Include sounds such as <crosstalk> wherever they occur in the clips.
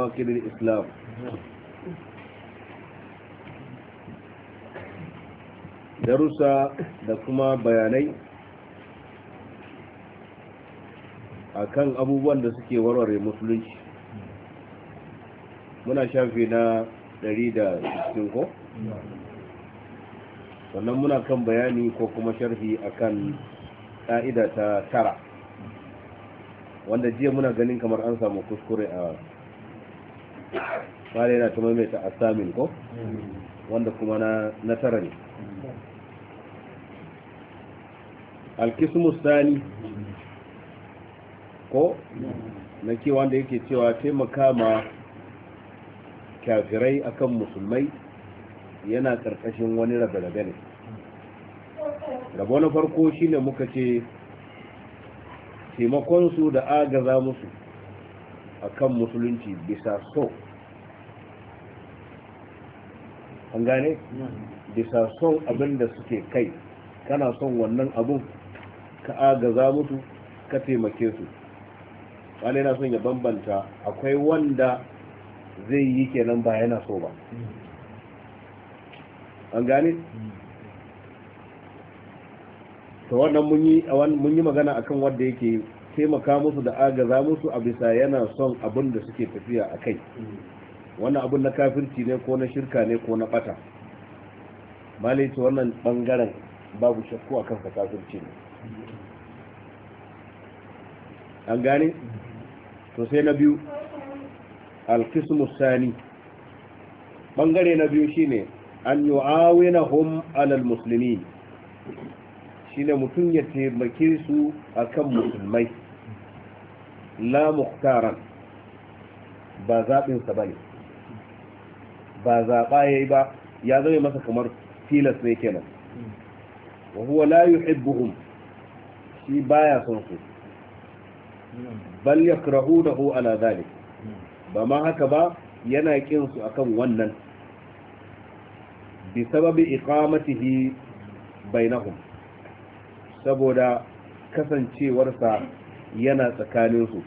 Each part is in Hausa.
نواقض الإسلام darussa da kuma bayanai akan abubuwan da suke warware musulunci muna shafi na 160 ko sannan muna kan bayani ko kuma sharhi akan ka'ida ta tara wanda jiya muna ganin kamar an samu kuskure a fara yana ta maimaita asamin ko wanda kuma na nasara ne alkismus sani ko na ke wanda yake cewa taimaka ma kafirai akan musulmai yana karkashin wani rabe-rabe ne rabo na farko shi ne muka ce taimakonsu da agaza musu akan musulunci bisa so an gane bisa son abin da suke kai kana son wannan abun ka agaza mutu ka taimake su wani na son ya bambanta akwai wanda zai yi kenan ba yana so ba an gane ta wannan mun yi magana akan wanda yake taimaka musu da agaza musu a bisa yana son abin da suke tafiya a kai wannan abin na kafirci ne ko na shirka ne ko na bata ce wannan bangaren babu shakku a kansa kafirci ne an gane to sai na biyu alkismus sani bangare na biyu shine an yi na hom alal musulmi shine mutum ya taimake su akan musulmai la muhtaran ba zaɓinsa ba ne ba zaɓa ya yi ba ya zama masa kamar tilas ne kenan wa huwa la yuhibbuhum shi baya son su bal yakrahunahu ala zalik ba ma haka ba yana kin su akan wannan bi sababi iqamatihi bainahum saboda kasancewarsa yana tsakaninsu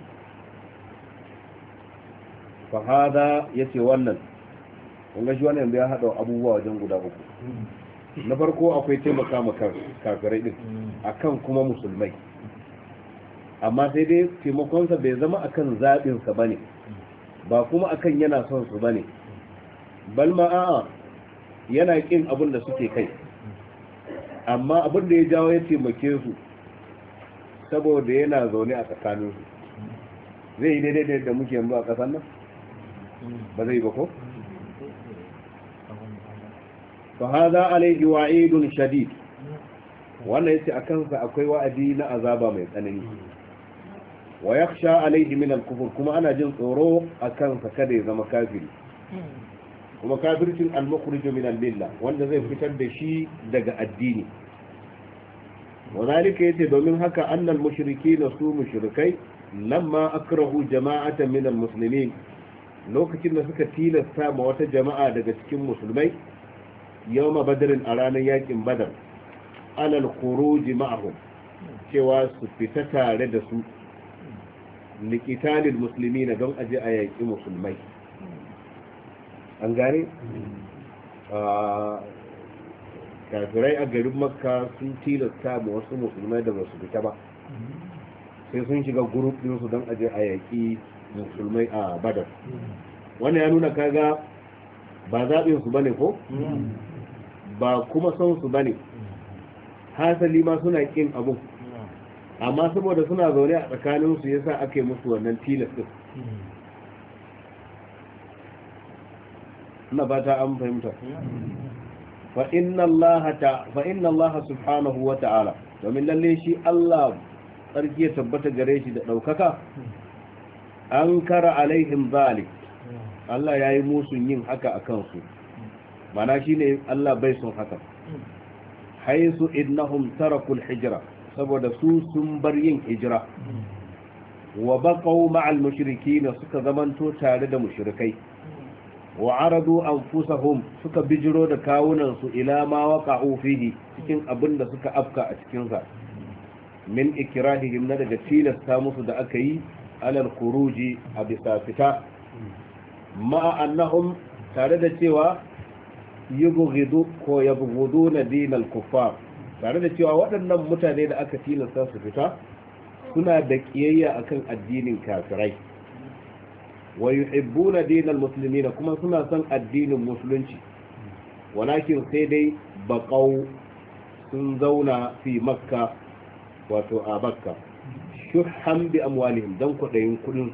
fahada ya ce wannan ga shi wannan ya haɗa abubuwa wajen guda uku na farko akwai taimaka ma kafirai din akan kuma musulmai amma sai dai taimakonsa bai zama akan zaɓinsa ba ne ba kuma akan yana son su ba ne balma a'a yana kin abin da suke kai amma abin da ya jawo ya taimake su saboda yana zaune a tsakanin zai yi daidai da yadda muke yanzu a ƙasar nan ba zai ba ko fa hada alaihi wa'idun shadid wannan ce a kansa akwai wa'adi na azaba mai tsanani wa sha a kufur minan kufur kuma ana jin tsoro a kansa kada ya zama kafiri kuma kafircin al-mukhrij min wanda zai fitar da shi daga addini wazalika yace domin haka annal na su mushrikai lamma akrahu jama'atan min almuslimin lokacin da suka tilasta ma wata jama'a daga cikin musulmai yawma badrin a ranar yakin badar alal khuruji ma'ahum cewa su fita tare da su likitalil muslimina don aje a yaƙi musulmai an kafirai a garin makka sun tilasta ma wasu musulmai da basu fita ba sai sun shiga gurup su don aje a yaƙi musulmai a badar wannan ya nuna kaga ba zaɓin su bane ko ba kuma son su bane hasali ma suna ƙin abu amma saboda suna zaune a tsakanin su yasa ake musu wannan tilas din ina ba ta an fahimta Fa'in Allah subhanahu wa ta'ala domin lalle shi Allah tsarki ya tabbata gare shi da ɗaukaka an kara alaihim zalik Allah ya yi musun yin haka a kansu mana shi ne Allah bai sun haka haisu innahum tarakul hijira saboda su sun bar yin hijira wa baqaw ma'al mushrikin suka zamanto tare da mushrikai wa aradu anfusahum suka bijiro da kawunan su ila ma waqa'u fihi cikin abin da suka afka a cikinsa sa min ikrahihim na daga tilasta musu da aka yi alal khuruji a bisa fita ma annahum tare da cewa yubghidu ko na dinal kuffar tare da cewa waɗannan mutane da aka tilasta su fita suna da kiyayya akan addinin kafirai wa yuhibbuna dinal da kuma suna son addinin musulunci walakin sai dai baqau sun zauna fi makka wato a makka shuhhan bi amwalihim dan kudayin kudin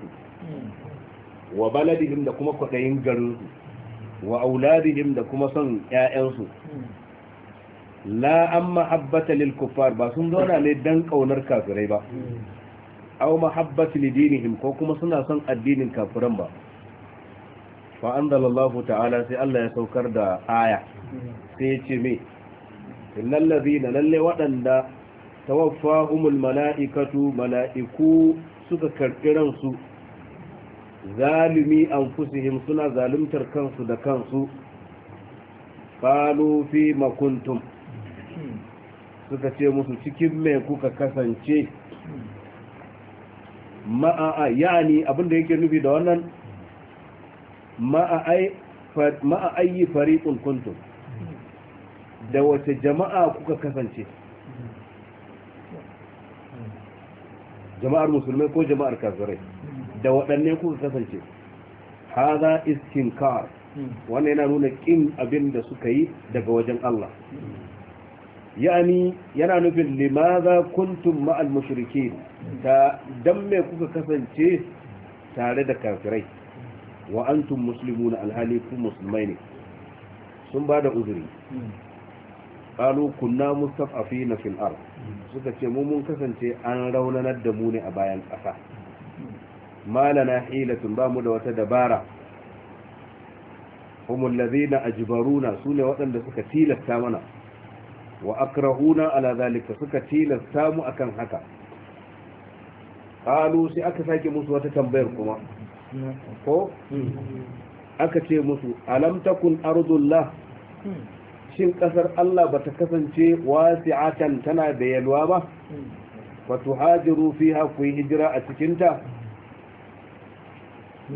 wa baladihim da kuma kudayin garinsu? wa auladihim da kuma son 'ya'yansu? su la amma habbata lil kuffar ba sun zauna ne dan ƙaunar kafirai ba aw mahabbati dinihim ko kuma suna son addinin kafiran ba fa anzalallahu ta'ala sai Allah ya saukar da aya sai ya ce me innal ladina lalle wadanda tawaffahumul mala'ikatu mala'iku suka karɓi ransu zalimi anfusihim suna zaluntar kansu da kansu qalu fi makuntum suka ce musu cikin me kuka kasance ma'a yani abinda yake nufi da wannan ma'a ayi fariƙun kuntum da wace jama'a kuka kasance jama'ar musulmai ko jama'ar kafirai da waɗanne kuka kasance haza istinkar wannan yana nuna ƙin abin da suka yi daga wajen Allah yani yana nufin limaza kuntum ma'al mushriki ta dan me kuka kasance tare da kafirai wa antum muslimuna alhali ku musulmai ne sun ba da uzuri qalu kunna mustafafina fil ard suka ce mu mun kasance an raunanar da mu ne a bayan ƙasa malana hilatun ba mu da wata dabara humul ladina ajbaruna sune waɗanda suka tilasta mana wa akrahuna ala zalika suka tilasta mu akan haka qalu sai aka sake musu wata tambayar kuma ko aka ce musu alam takun ardullah shin kasar Allah bata kasance wasi'atan tana da yalwa ba wa tuhajiru fiha ku hijira a cikin ta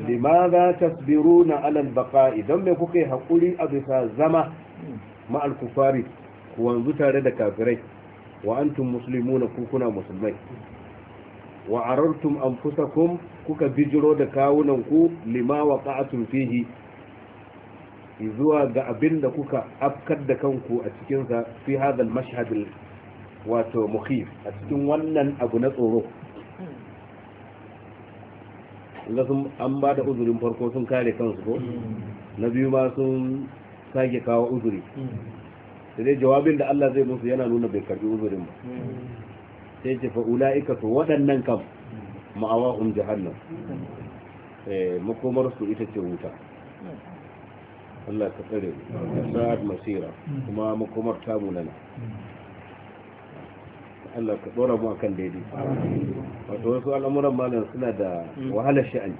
limadha tasbiruna ala al idan don me kuke hakuri a bisa zama ma al-kufari ku wanzu tare da kafirai wa antum muslimuna ku kuna musulmai wa arartum anfusakum kuka bijiro da kawunan ku lima waqa'tum fihi zuwa ga abin da kuka afkar da kanku a cikin sa fi hadal mashhad wato mukhif a cikin wannan abu na tsoro ga sun an ba da uzurin farko sun kare kansu ko hmm. na biyu ma sun sake kawo uzuri hmm. da dai jawabin da Allah zai musu yana nuna bai karbi uzurin ba sai ce fa'ula'ika su waɗannan kam Ma'awa ma'awa'un jahannan. Eh, makomar su ita ce wuta Allah ka tsare sa'ad masira kuma makomar ta munana. Allah ka tsora mu akan daidai wato wasu al'amuran malam suna da wahalar sha'ani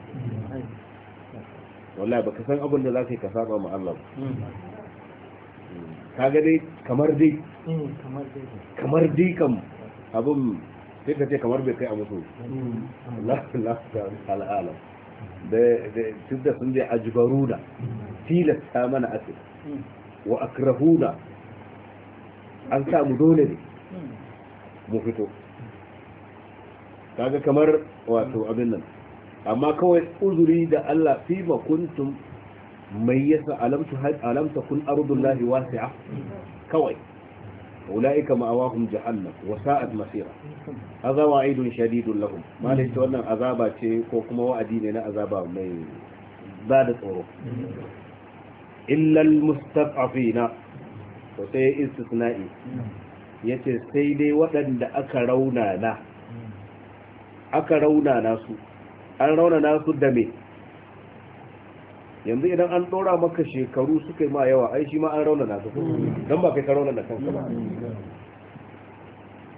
wallahi baka san abin da za ka yi ka saba ma Allah ba kaga dai eh, kamar dai kamar dai kam abin sai ka ce kamar bai kai a mutu al'alam hmm. da duk da sun zai ajibaruna tilasta mana ake hmm. wa da an samu dole ne hmm. mu fito kaga kamar wato abin nan amma kawai uzuri da Allah fi makuntum mai yasa alamtu alamta kun ardullahi wasi'a kawai أولئك مأواهم جهنم masira. مصيرا هذا وعيد شديد لهم ما ليس wannan azaba ce ko kuma wa'adi ne na azaba mai ba da tsoro illa almustad'afina to sai istisna'i yace sai dai waɗanda aka raunana aka raunana su an rauna na su da me yanzu idan an dora maka shekaru suka yi ma yawa ai shi ma an na ka don ba kai ka da kanka ba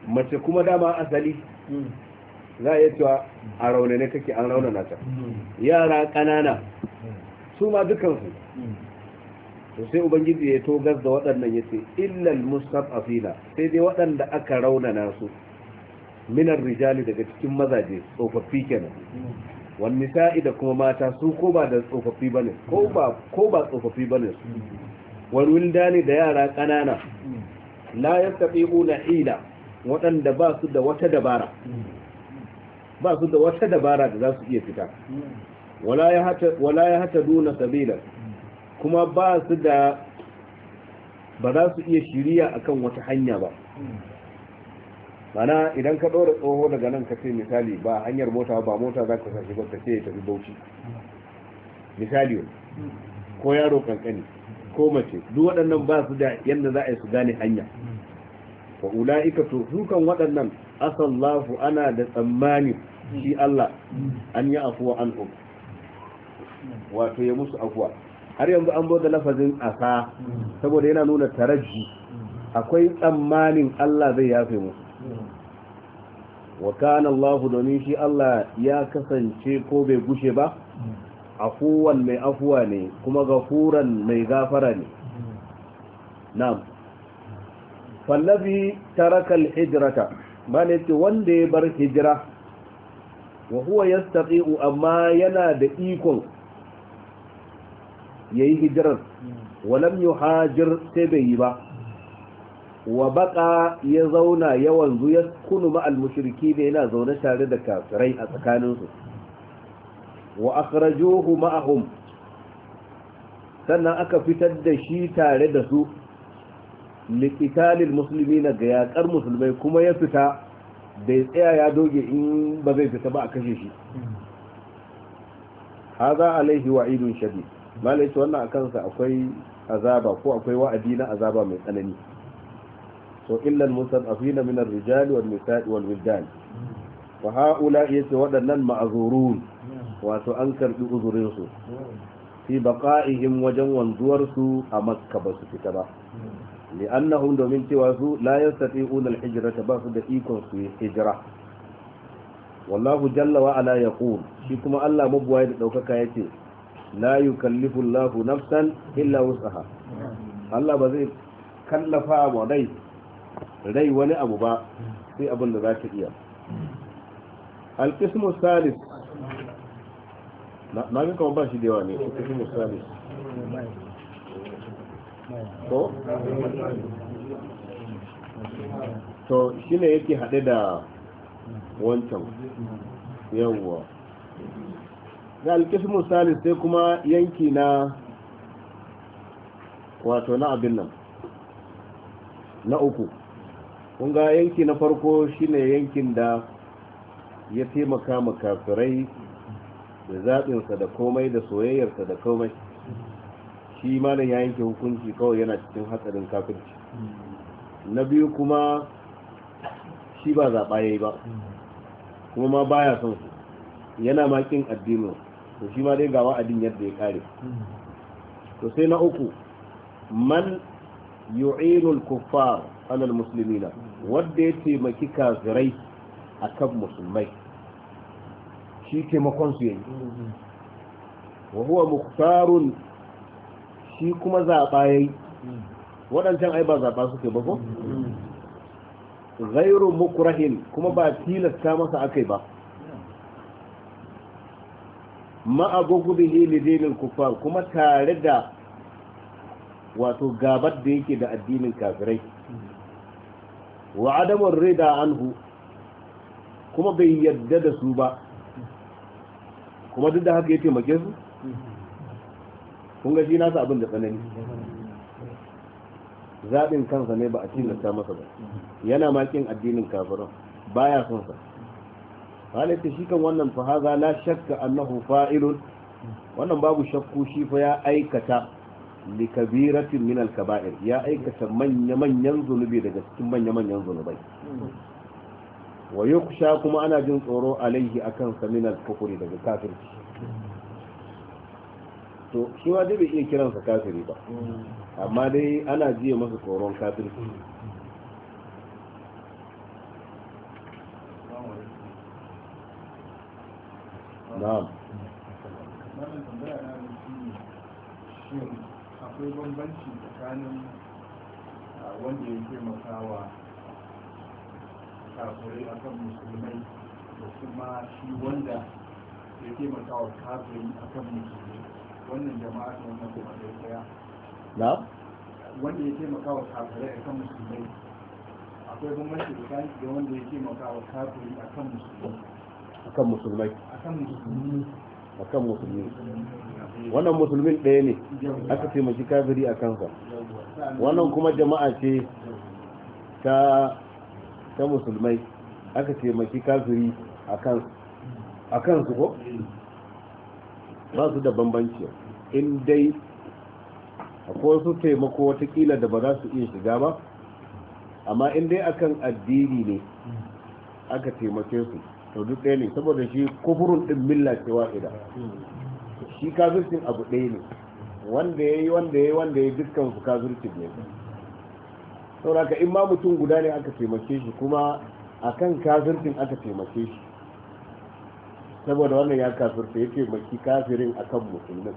mace kuma dama asali za a iya cewa a raunane kake an na ta yara kanana su ma dukansu to sai ubangiji ya togar da waɗannan ya ce illal fila sai dai waɗanda aka rauna su minar rijali daga cikin mazaje tsofaffi kenan wani sa’i da kuma mata su ko ba da tsofaffi ne ko ba ko ba tsofaffi bane wani wunda ne da yara kanana la ƙuna ila waɗanda ba su da wata dabara ba su da wata dabara da za su iya fita wala ya hata duna sabila kuma ba su da ba za su iya shirya akan wata hanya ba mana idan ka ɗora tsoho daga nan ka ce misali ba hanyar mota ba mota za ka sashi ba ce ya tafi bauchi misali ko yaro kankani ko mace duk waɗannan ba su da yadda za a yi su gane hanya wa ula'ika to dukan waɗannan asallahu ana da tsammani shi Allah an yi afuwa an um. wato ya musu afuwa har yanzu an bada lafazin asa saboda yana nuna taraji akwai tsammanin Allah zai yafe musu wa kana Allah domin shi Allah ya kasance ko bai gushe ba afuwan mai afuwa ne kuma gafuran mai gafara ne na'am fallabi taraka alhijrata bane ce wanda ya bar hijira wa huwa yastaqi'u amma yana da ikon yayi hijirar lam yuhajir sai bai yi ba wa baka ya zauna yawan wanzu ya kunu ma'al mushriki ne yana zaune tare da kafirai a tsakaninsu wa akhrajuhu ma'ahum sannan aka fitar da shi tare da su liqitalil muslimina ga yakar musulmai kuma ya fita bai tsaya ya doge in ba zai fita ba a kashe shi haza alaihi wa'idun shadid malai wannan akan sa akwai azaba ko akwai wa'adi na azaba mai tsanani to illan mustad'afina min ar-rijali wal nisa'i wal wildan fa haula yace waɗannan ma'azurun wato an karbi uzurin su fi baqa'ihim wajen wanzuwar su a makka ba su fita ba li'annahum domin cewa su la yastati'una al-hijrata ba su da ikon su yi hijira wallahu jalla wa ala yaqul shi kuma Allah mabuwaye da daukaka yace la yukallifu Allahu nafsan illa wus'aha Allah ba zai kallafa wa rai rai wani abu ba sai abin da za ka iya alkismu salis na ga kama ba shi da yawa ne alkismu salis ko? to shi ne yake haɗe da wancan yawwa ga alkismu salis sai kuma yanki na wato na abin nan na uku kun yanki na farko shine yankin da ya taimaka makafirai da zaɓinsa da komai da soyayyarsa da komai shi malam ya yanke hukunci kawai yana cikin hatsarin kafirci na biyu kuma shi ba zaɓa ya yi ba kuma ma baya son su yana makin addinin to shi ma dai ga addin yadda ya ƙare to sai na uku man yu'inul kuffar alal muslimina wanda ya taimaki kafirai kan musulmai shi taimakon su yanzu. wa huwa shi kuma zaɓa ya yi. waɗancan ai ba zaɓa suke ba ko ghairu mukrahin kuma ba tilasta masa akai ba ma'a ne lidinil kuffar kuma tare da wato gabar da yake da addinin kafirai wa adamar rida anhu kuma bai yadda da su ba kuma duk da haka ya taimake su kun shi nasa abin da tsanani zaɓin kansa ne ba a tilasta masa ba yana makin addinin kafiran baya son sa halitta shi kan wannan fahaza na shakka annahu fa'ilun wannan babu shakku shi fa ya aikata likabiratin min alkaba'ir ya aikata manya-manyan zunubi daga cikin manya-manyan zunubai wa yukhsha kuma ana jin tsoro alaihi akan sa min daga kafirci to shi ma dai bai iya kiransa kafiri ba amma dai ana jiya masa tsoron kafirci na'am akwai bambanci tsakanin wanda ya makawa kafirai akan musulmai da kuma shi wanda ya makawa kafirai akan musulmai wannan jama'a ta wannan kuma da ya na wanda ya makawa kafirai akan musulmai akwai bambanci tsakanin da wanda ya makawa kafirai kan musulmai akan musulmai akan musulmai akan musulmi wannan musulmin ɗaya ne aka taimaki kafiri a kansa wannan kuma jama'a ce ta ta musulmai aka taimaki kafiri a kansu ko ba su da bambanci in dai akwai su taimako watakila da ba za su iya shiga ba amma in dai akan addini ne aka taimake su to duk ɗaya ne saboda shi kufurin ɗin milla ce wa'ida shi kafircin abu ɗaya ne wanda ya yi wanda ya wanda ya dukkan su kafircin ne sauraka in ma mutum guda ne aka taimake shi kuma akan kafircin aka taimake shi saboda wannan ya kafirta ya taimaki kafirin akan musulmin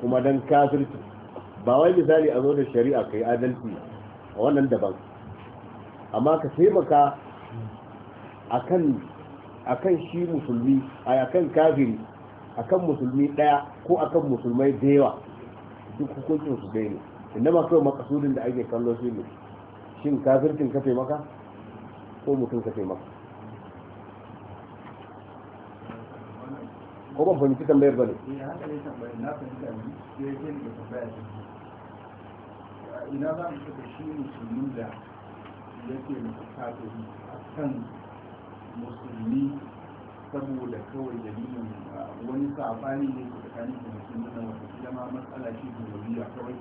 kuma don kafirci ba wai misali a zo da shari'a ka yi adalci a wannan daban amma ka taimaka a kan akan shi musulmi a akan kafiri akan musulmi daya ko akan musulmai da yawa duk hukuncin su dai ne inda kawai makasudin da ake kallo shi ne shin kafircin kafe maka ko mutum kafe maka ko ban fahimci tambayar ba ne ina za mu shi musulmi da yake mutum a kan. musulmi saboda kawai dalilin ah, wani sabani ne ko tsakanin da mutum da wata shi dama matsala wani ya kawai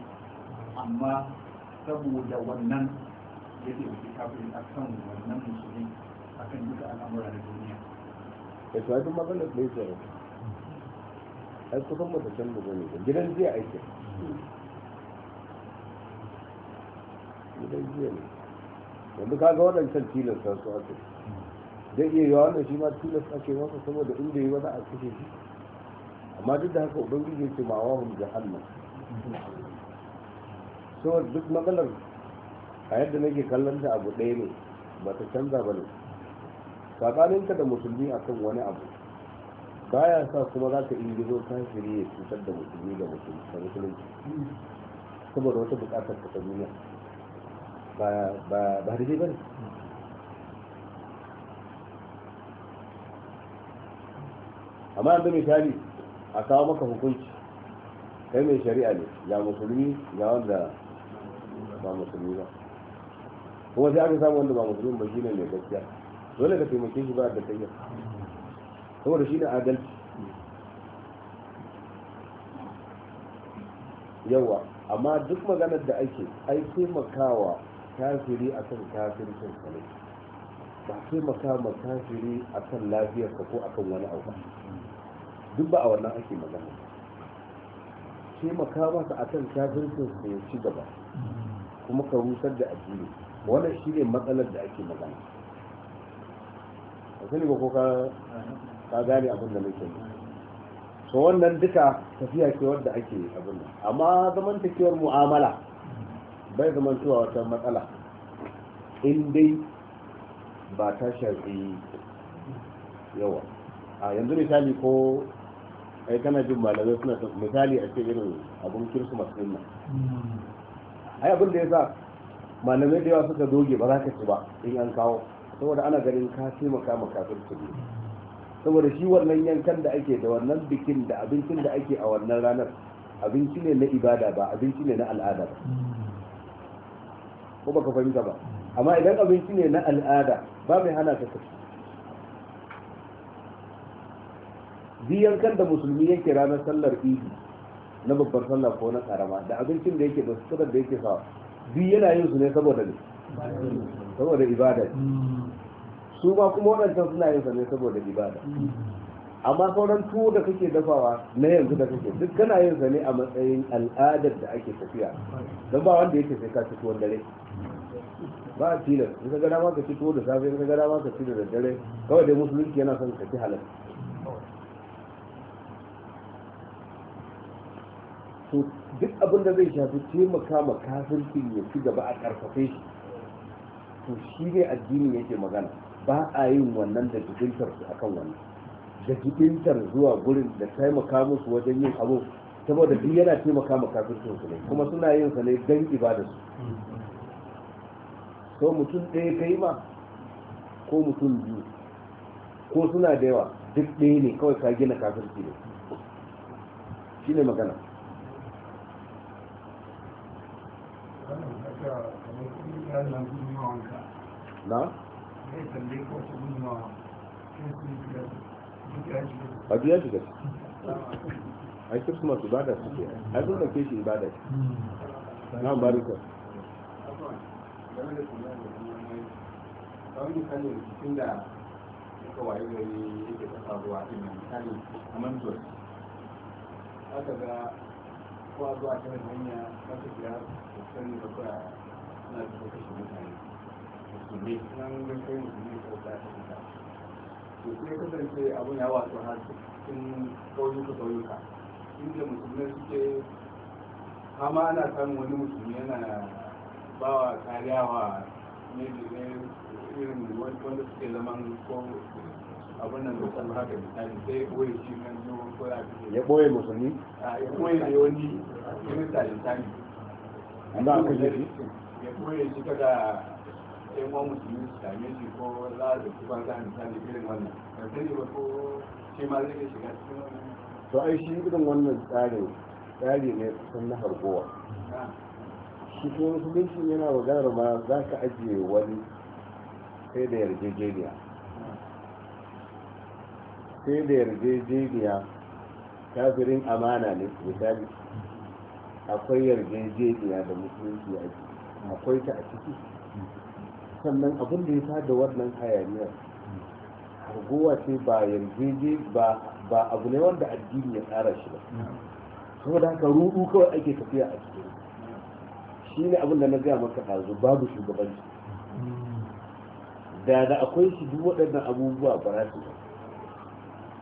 amma saboda wannan ya taimaki kafin kan wannan musulmi akan duka al'amura na duniya eh, da su haifin maganar da ya tsoro ai kusan matashen da da gidan jiya aiki gidan jiya ne yanzu kaga waɗancan tilasta su ake zai iya yi wannan shi ma tilas ake masa saboda inda yi wani a kashe shi amma duk da haka ubangiji ce ma wa hum jahannam so duk maganar a yadda nake kallon ta abu ɗaya ne ba ta canza ba ne sabaninka da musulmi akan wani abu baya sa kuma za ka ta shirye ya cutar da musulmi da musulunci saboda wata bukatar ta duniya ba daidai ba ne amma yanzu misali a kawo maka hukunci kai mai shari'a ne ya musulmi ga wanda ba musulmi ba kuma sai aka samu wanda ba musulmi ba shine mai gaskiya dole ka taimake shi ba da kai saboda shine adalci yawa amma duk maganar da ake ai makawa kafiri akan kafircin sa ne ba sai ma kafiri a kan ka ko akan wani abu duk ba a wannan ake magana taimaka masa a kan kafircin su ya ci gaba kuma ka rusar da addini wannan shi ne matsalar da ake magana a sani ba ko ka gane abin da nake yi so wannan duka tafiya ce wadda ake abin nan amma zamantakewar mu'amala bai zamantowa wata matsala in dai ba ta shafi yawa a yanzu misali ko ai kana jin malamai suna misali a ce irin abun kirsimas nan ai abin da ya sa malamai da yawa suka doge ba za ka ci ba in an kawo saboda ana ganin ka taimaka ma su ne saboda shi wannan yankan da ake da wannan bikin da abincin da ake a wannan ranar abinci ne na ibada ba abinci ne na al'ada ba ko baka fahimta ba amma idan abinci ne na al'ada ba mai hana ka kashi biyan kan da musulmi yake ranar sallar idi na babbar sallar ko na karama da abincin da yake da suturar da yake sawa duk yana yin su ne saboda ne saboda ibada su ma kuma waɗancan suna yin sa ne saboda ibada amma sauran tuwo da kake dafawa na yanzu da kake duk kana yin sa ne a matsayin al'adar da ake tafiya don ba wanda yake sai ka ci tuwon dare ba a tilar in ka gada ma ka da safe in ka gada ma ka da dare kawai dai musulunci yana son ka ci halal to duk abin da zai shafi taimaka ma kafircin ya ci gaba a karfafe shi to shi ne addini yake magana ba a yin wannan da jikintar su akan wannan da jikintar zuwa gurin da taimaka musu wajen yin abu saboda duk yana taimaka ma kafircin su ne kuma suna yin sa ne don ibada su ko mutum ɗaya kai ma ko mutum biyu ko suna da yawa duk ɗaya ne kawai ka gina kafirci ne shi ne magana na? a biya shiga a yi kirsimar ibada suke a yi sun ke shi ibada na barika game da kula da kuma ba wani misali rikicin da suka waye gari yake ta faruwa a nan misali a mantuwar aka ga kuwa zuwa kan hanya wata kira da sani da kura suna da kuka shi mutane musulmi nan da kai musulmi ko ta shi ta to sai kasance abun ya wato har cikin ƙauyuka ƙauyuka inda musulmai suke kama ana samun wani musulmi yana bawa kariya wa ne da irin wanda suke zaman ko abin da mutum haka misali sai ya ɓoye shi nan yau ko ya fi ya ɓoye musulmi ya ɓoye da wani kirista lisani an ba ka jefi ya ɓoye shi kada yan uwan musulmi su same shi ko za a zafi ban sa misali irin wannan ba sani ba ko shi ma zai shiga cikin wannan to ai shi irin wannan tsarin tsari ne kusan na harbowa ah. shi ko musulunci yana maganar ma za ka ajiye wani sai da yarjejeniya sai da yarjejeniya kafirin amana ne misali akwai yarjejeniya da musulunci a ciki akwai ta a ciki sannan abin da ya sada wannan hayaniyar harguwa ce ba yarjeje ba abu ne wanda addini ya tsara shi ba saboda haka rudu kawai ake tafiya a cikin shi ne abin da na gaya maka hazu babu shugabanci da da akwai shi duk waɗannan abubuwa ba za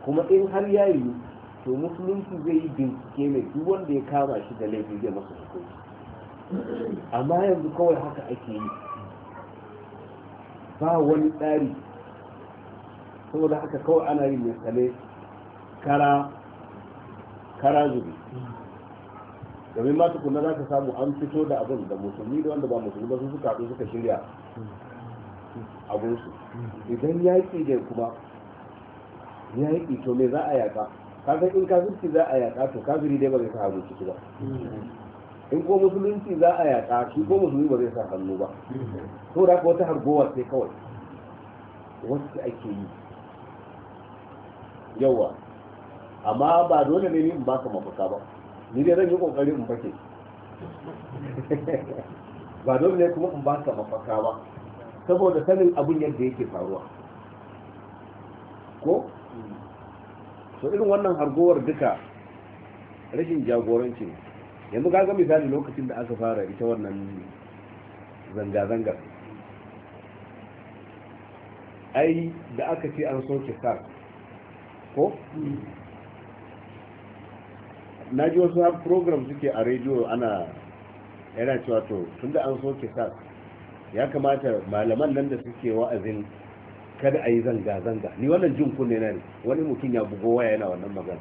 kuma in har ya yi to musulunci zai yi bincike mai duk wanda ya kama shi da laifi zai masa hukunci amma yanzu kawai haka ake yi ba wani tsari saboda haka kawai ana yin misalai kara kara zubi domin ma tukunna za ka samu an fito da abin da musulmi da wanda ba musulmi ba su suka suka shirya su idan yaƙi ne kuma yaƙi to me za a yaƙa kasan in kafirci za a yaƙa to kafiri dai ba zai sa hannu ciki ba in ko musulunci za a yaƙa shi ko musulmi ba zai sa hannu ba to da wata hargowa sai kawai wasu ake yi yawa amma ba dole ne in baka mafaka ba ni dai zan yi kokari in fake ba dole ne kuma in ba ka mafaka ba saboda sanin abun yadda yake faruwa ko so irin wannan hargowar duka rashin jagoranci ne yanzu ga misali lokacin da aka fara ita wannan zanga-zangar ai da aka ce an soke sa ko na ji wasu program suke a rediyo ana yana cewa to tun da an soke sas ya kamata malaman nan da suke wa'azin kada a yi zanga-zanga ni wannan jin kunne na ne wani mutum ya bugo waya yana wannan magana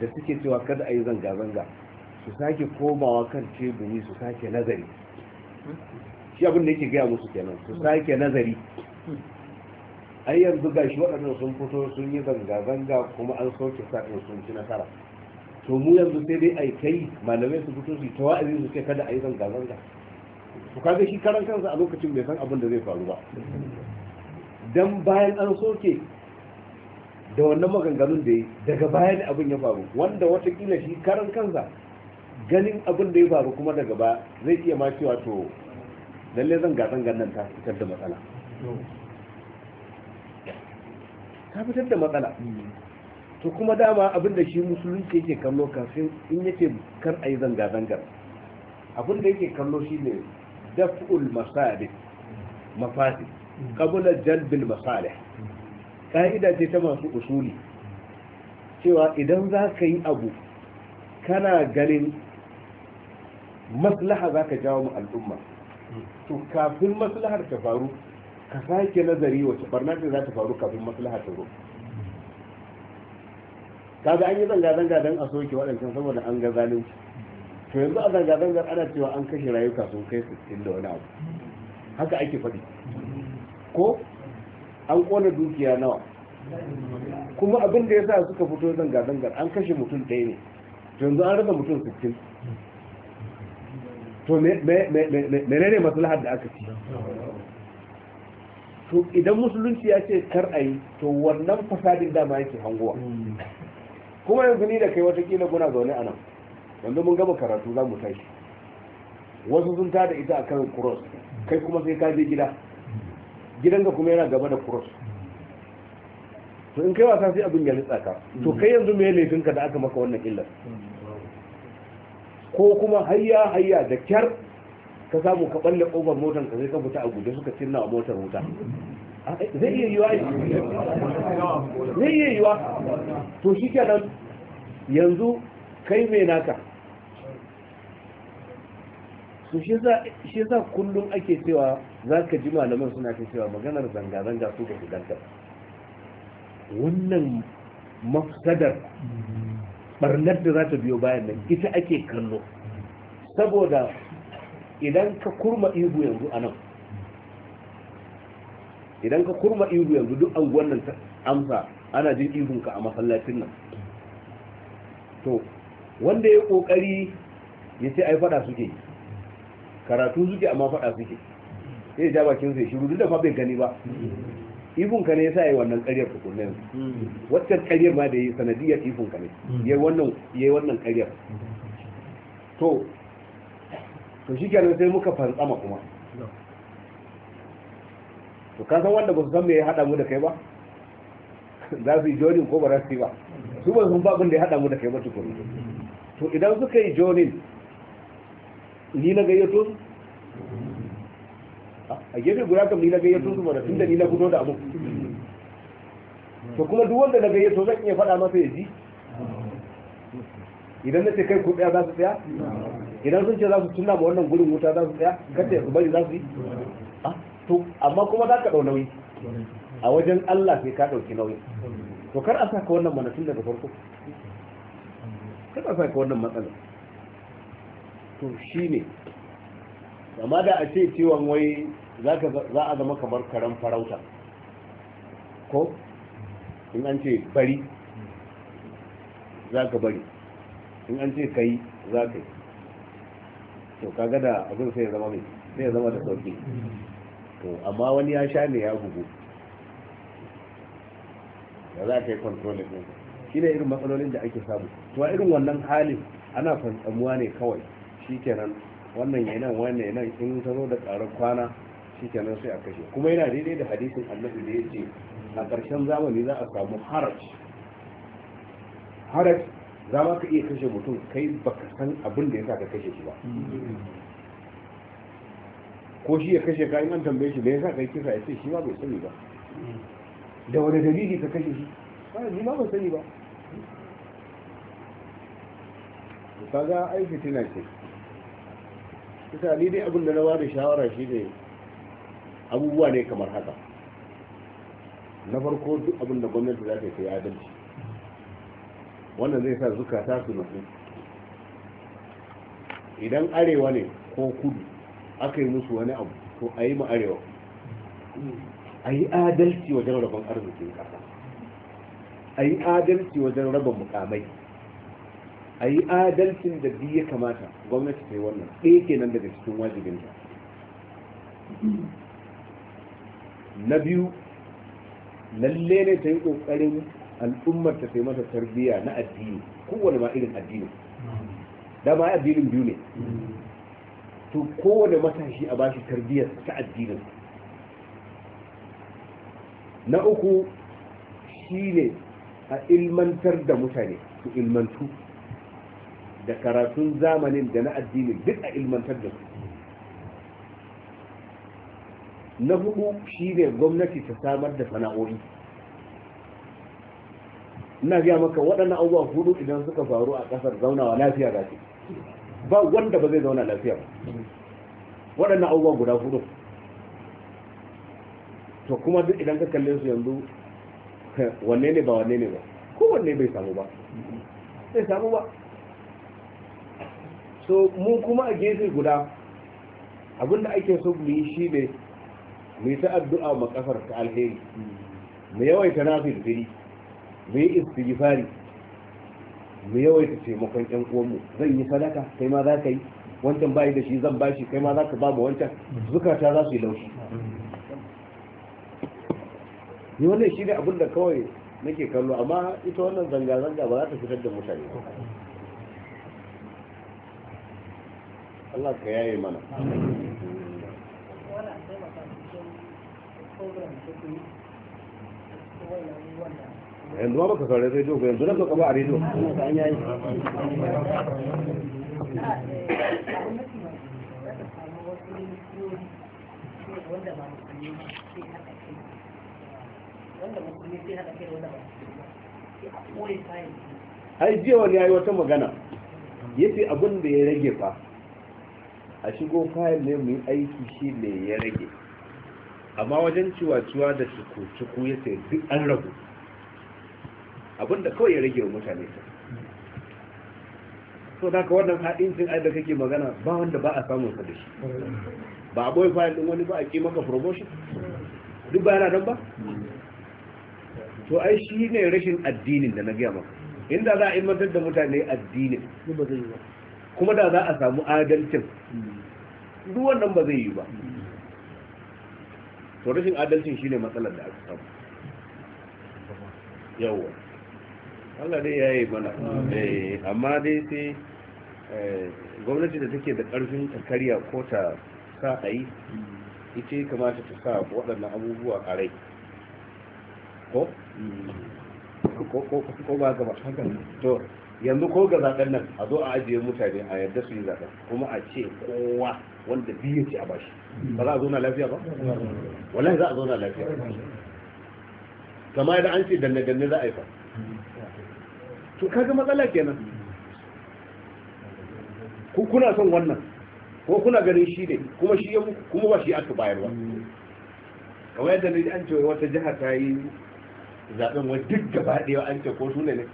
da suke cewa kada a yi zanga-zanga su sake komawa kan teburi su sake nazari shi abin da yake gaya musu kenan su sake nazari ai yanzu shi waɗannan sun fito sun yi zanga-zanga kuma an soke sa'in sun ci nasara to mu yanzu sai dai ai kai malamai su fito su ta wa'azi su ce kada a yi zanga zanga to kaga shi karan kansa a lokacin bai san abin da zai faru ba dan bayan an soke da wannan maganganun da yi daga bayan abin ya faru wanda watakila shi karan kansa ganin abin da ya faru kuma daga ba zai iya ma cewa to lalle zanga zangan nan ta fitar da matsala ta fitar da matsala mm. to kuma dama abinda shi musulunci yake kallo kafin in yake kar a yi zanga-zangar abin yake kallo shi ne daf'ul masalih mafasi qabla jalbil masalih ka'ida ce ta masu usuli cewa idan za ka yi abu kana ganin maslaha za ka jawo mu al'umma to kafin maslahar ta faru ka sake nazari wace barna ce za ta faru kafin maslahar ta zo kaga an yi zanga-zanga don a soke waɗancan saboda an ga zalunci to yanzu a zanga-zangar ana cewa an kashe rayuka sun kai sittin da wani abu haka ake faɗi ko an ƙona dukiya nawa kuma abin da ya sa suka fito zanga-zangar an kashe mutum ɗaya ne to yanzu an rasa mutum sittin to menene maslahar da aka ci to idan musulunci ya ce kar a yi to wannan fasadin dama yake hangowa kuma yanzu ni da kai watakila kuna zaune a nan yanzu mun gama karatu za mu tashi wasu sun tada ita a kan cross kai kuma sai ka je gida gidan ka kuma yana gaba da cross to in kai wasa sai abin ya tsaka to kai yanzu me laifin ka da aka maka wannan illar ko kuma hayya hayya da kyar ka samu ka balle kofar motar ka sai ka fita a guje suka cinna a motar wuta zai iya yiwa to shi kenan yanzu kai mai naka to shi sa kullum ake cewa za ka ji malaman suna ke cewa maganar zanga-zanga su ga su wannan mafsadar ɓarnar da za ta biyo bayan nan ita ake kallo saboda idan ka kurma ihu yanzu a nan idan ka kurma ihu yanzu duk an nan amsa ana jin ka a masallacin nan to wanda ya kokari ya ce ai fada suke karatu suke amma fada suke sai ja bakin sai shiru duk da fa bai gani ba ka ne yasa yayi wannan ƙaryar tukunnen waccan ƙaryar ma da yi sanadiyar ka ne yayi wannan yayi wannan ƙaryar to to shikenan sai muka fantsama kuma to kasan san wanda ba su san me ya hada mu da kai ba <laughs> za su yi jonin ko ba za su ba su ba sun babin da ya hada mu da kai ba tukuru to idan suka yi jonin ni na gayyato su a gefe guda kam ni na gayyato su mana tun da ni na fito da abu to kuma duk wanda na gayyato zan iya faɗa masa ya ji idan na ce kai ku za su tsaya idan sun ce za su tunna ma wannan gurin wuta za su tsaya kace su bari za su yi to amma kuma za ka ɗau nauyi a wajen Allah sai ka ɗauki nauyi to kar a saka wannan manatun daga farko kar a saka wannan matsala to shi ne amma da a ce ciwon wai za a zama kamar karen farauta ko in an ce bari za ka bari in an ce kai za ka yi to kaga da abin sai ya zama mai sai ya zama da sauki to amma wani ya sha ne ya bugu da za ka yi kontrolin ɗin shi ne irin matsalolin da ake samu to a irin wannan halin ana fantsamuwa ne kawai shi kenan wannan ya nan wannan ya nan in ta zo da ƙarar kwana shi kenan sai a kashe kuma yana daidai da hadisin annabi da ya ce a ƙarshen zamani za a samu haraj haraj za ma ka iya kashe mutum kai baka san abin da ya sa ka kashe shi ba ko shi ya kashe ka in an tambaye shi da ya sa kai kisa ya ce shi ma bai sani ba da wani dalili ka kashe shi ni ma ban sani ba ka ga aiki tana ce kusa ni dai abin da na ware shawara shi ne abubuwa ne kamar haka na farko duk abin da gwamnati za ta yi adalci wannan zai sa zukata su nufi idan arewa ne ko kudu aka yi musu wani abu ko a yi arewa a yi adalci wajen rabon arzikin ƙasa a yi adalci wajen rabon mukamai a yi adalcin da biya kamata gwamnati ta yi wannan ɗaya kenan daga cikin wajibinta na biyu lalle ne ta yi ƙoƙarin al'ummar ta mata tarbiyya na addini kowane ma irin addini dama addinin biyu ne to kowane matashi a bashi tarbiyyar ta addinin na uku shine a ilmantar da mutane su ilmantu da karatun zamanin da na addinin duk a ilmantar da su na hudu shine gwamnati ta samar da sana'o'i ina gaya maka waɗannan abubuwan hudu idan suka faru a ƙasar zaunawa lafiya za ba wanda ba zai zauna lafiya ba waɗannan abubuwa guda hudu to kuma duk idan ka kalle su yanzu <laughs> wanne ne ba wanne ne ba Ko wanne bai samu ba bai samu ba so mu kuma a gefe guda abinda ake so mu yi shi ne mu yi ta addu'a ma kasar ta alheri mu yawaita nafi fili mu yi istighfari mu yawaita taimakon yan uwanmu zan yi sadaka kai ma za ka yi wancan bayi da shi zan bashi kai ma za ka babu wancan zukata za su yi laushi ni wannan shi ne abin da kawai nake kallo amma ita wannan zanga-zanga ba za ta fitar da mutane Allah ka yaye mana wannan yanzu ma baka saurari rediyo ko yanzu nan ka kaba a rediyo ai jiya wani yayi wata magana yace abin da ya rage fa a shigo fayil ne mu aiki shi ne ya rage amma wajen ciwa-ciwa da suku ya sai duk an rabu abinda kawai ya rage wa mutane ta so da ka wannan cin ai da kake magana ba wanda ba a samun sa da shi ba a boye fayil ɗin wani ba a ƙi maka promotion duk ba yana nan ba to ai shi ne rashin addinin da na gaya maka inda za a ilmantar da mutane addinin kuma da za a samu adalcin duk wannan ba zai yi ba to rashin adalcin shine matsalar da aka samu yawwa Allah dai ya yi mana eh, amma dai sai eh, gwamnati da take da ƙarfin karya ko ta sa a yi ita yi kamata ta sa waɗannan abubuwa a rai ko? ko ba gaba to yanzu ko ga zaɓen nan a zo a ajiye mutane a yadda su yi zaɓen kuma a ce kowa wanda biyu ce a bashi ba za a zo na lafiya ba? wallahi za a zo na lafiya kama idan an ce danne-danne za a yi fa to kaga matsala kenan ku kuna son wannan ko kuna ganin shi ne kuma shi kuma ba shi aka bayarwa kawai yadda ne an ce wata jiha ta yi zaben wa duk gaba ɗaya an ce ko su ne ne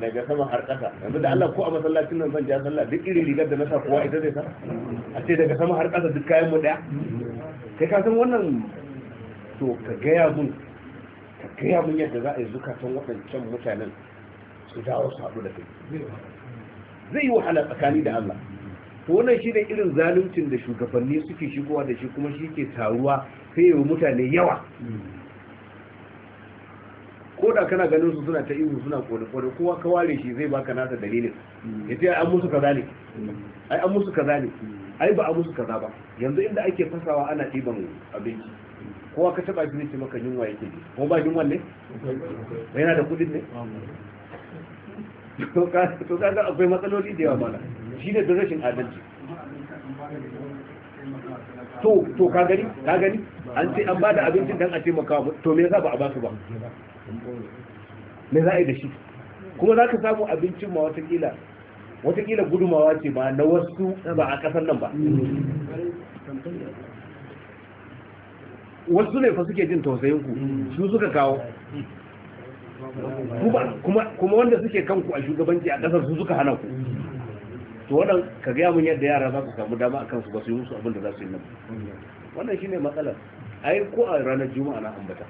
daga sama har ƙasa yanzu da Allah ko a masallacin nan zan ja sallah duk irin rigar da na sa kowa ita zai sa a ce daga sama har ƙasa duk kayan mu ɗaya kai ka san wannan to ka gaya mun ka gaya mun yadda za a yi zukatan waɗancan mutanen su dawo su haɗu da kai zai yi wahala tsakani da Allah to wannan shi ne irin zaluncin da shugabanni suke shigowa da shi kuma shi ke taruwa sai yi mutane yawa ko da kana ganin su suna ta ihu suna kore-kore kowa ka ware shi zai baka nasa dalilin ya ce an musu kaza ne ai an musu kaza ne ai ba a musu kaza ba yanzu inda ake fasawa ana ɗiban abinci kowa ka taba shi maka yunwa yake ji ko ba yunwa ne yana da kudin ne to ka ga akwai matsaloli da yawa mana shi ne don rashin adalci to to ka gani ka gani an ce an bada abincin dan a taimaka to me yasa ba a ba su ba me za a yi da shi kuma za ka samu abincin ma watakila watakila gudumawa ce ba na wasu ba a kasar nan ba wasu ne fa suke jin tausayin ku su suka kawo kuma wanda suke kanku a shugabanci a kasar su suka hana ku to wadan ka ga mun yadda yara za su samu dama a kansu ba su yi musu abin da za su yi nan wannan shine matsalar ai ko a ranar juma'a na ambata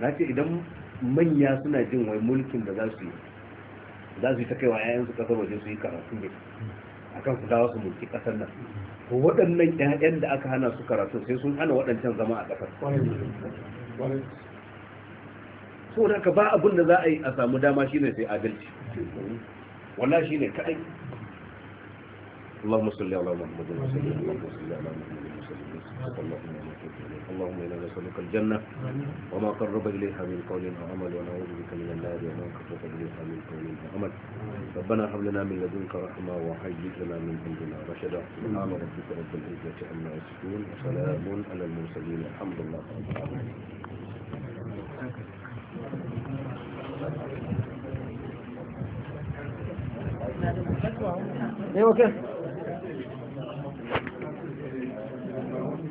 na ce idan manya suna jin wai mulkin da za su yi za su yi ta kai wa 'ya'yansu kasar waje su yi karatu ne akan su dawo su mulki kasar nan waɗannan ƴaƴan da aka hana su karatu sai sun hana waɗancan zama a ƙasar so da ka ba abin da za a yi a samu dama shine sai adalci wallahi shine kaɗai. اللهم صل على محمد وسلم اللهم صل على محمد وسلم اللهم اللهم انا نسالك الجنه وما قرب اليها من قول او عمل ونعوذ بك من النار وما قرب اليها من قول او عمل ربنا هب لنا من لدنك رحمه وهيئ لنا من امرنا رشدا سبحان ربك رب العزه عما يصفون وسلام على المرسلين الحمد لله رب العالمين ايوه كده